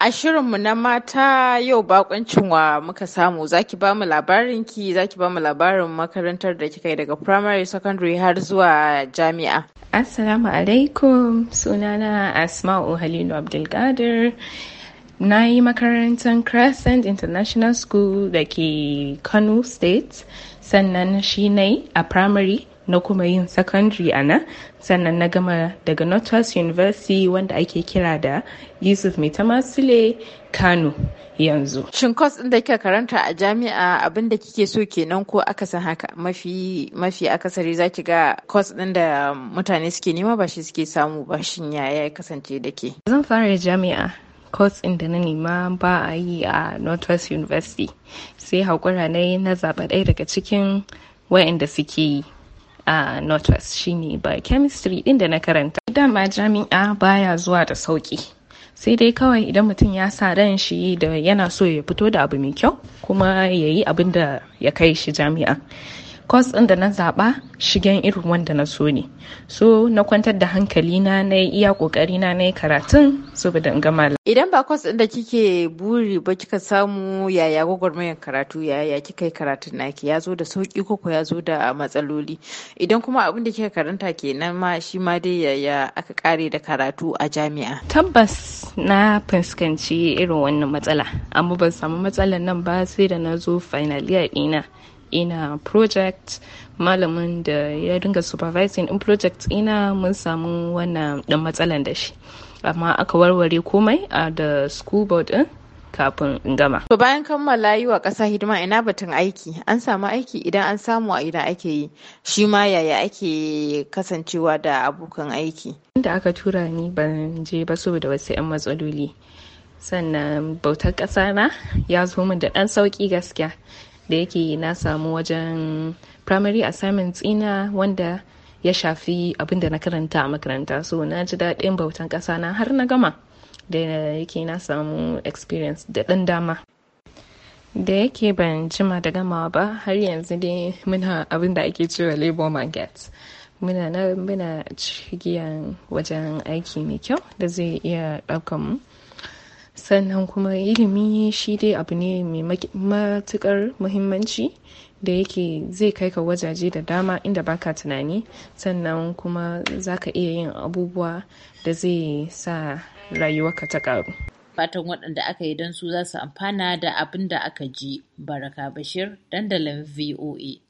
A shirinmu na mata yau bakoncin wa muka samu zaki ba mu labarin ki zaki ba mu labarin makarantar da kika yi daga primary secondary har zuwa jami'a. Assalamu alaikum sunana Asma'u Halilu Abdulkadir. Na yi makarantar Crescent International School da ke Kano State sannan shi na a primary na kuma yin secondary a nan sannan na gama daga northwest university wanda ake kira da yusuf mitamasile kano yanzu shin kwas ɗin da kika karanta a jami'a abinda kike so kenan ko akasin haka mafi mafi akasari zaki ga kwas ɗin da mutane suke nema ba shi suke samu ba shin yaya ya kasance da ke zan fara jami'a kwas ɗin da na nema ba a yi a northwest university sai haƙura na yi na zaɓa ɗaya daga cikin wa'inda suke yi a northwest shine biochemistry din da na karanta dama jami'a baya zuwa da sauki sai dai kawai idan mutum ya sa ran shi da yana so ya fito da abu mai kyau kuma ya yi abin da ya kai shi jami'a kwas ɗin da na zaɓa shigen irin wanda na so ne so na kwantar da hankali na na iya ƙoƙari na na karatun saboda in gama idan ba kwas ɗin da kike buri ba kika samu yaya gwagwarmayar karatu yaya kika yi karatun naki ya zo da sauƙi ko ya zo da matsaloli idan kuma abin da kika karanta kenan ma shi ma dai yaya aka kare da karatu a jami'a tabbas na fuskanci irin wannan matsala amma ban samu matsalar nan ba sai da na zo final year ɗina ina project malamin da ya dinga supervising in project ina mun samu wannan dan matsalan da shi amma aka warware komai a da school board din kafin in gama. To bayan kammala yi wa ƙasa hidima ina batun aiki, an samu aiki idan an samu a idan ake yi, shi ma yaya ake kasancewa da abokan aiki. Inda aka tura ni ban je ba saboda wasu 'yan matsaloli. Sannan bautar ƙasa na ya zo min da ɗan sauƙi gaskiya. da yake na samu wajen primary assignments ina wanda ya shafi abin da na karanta a makaranta so na ji daɗin bautan ƙasa na har na gama da yake na samu experience da ɗan dama da yake ban jima da gama ba har yanzu dai muna abin da ake cewa labor market muna na muna cigiyan wajen aiki mai kyau da zai iya ɗaukan mu sannan kuma ilimi shi dai abu ne mai matuƙar muhimmanci da yake zai kai ka wajaje da dama inda baka tunani sannan kuma za ka iya yin abubuwa da zai sa rayuwarka ta ƙaru fatan waɗanda aka yi don su za su amfana da abin da aka ji baraka bashir dandalin voa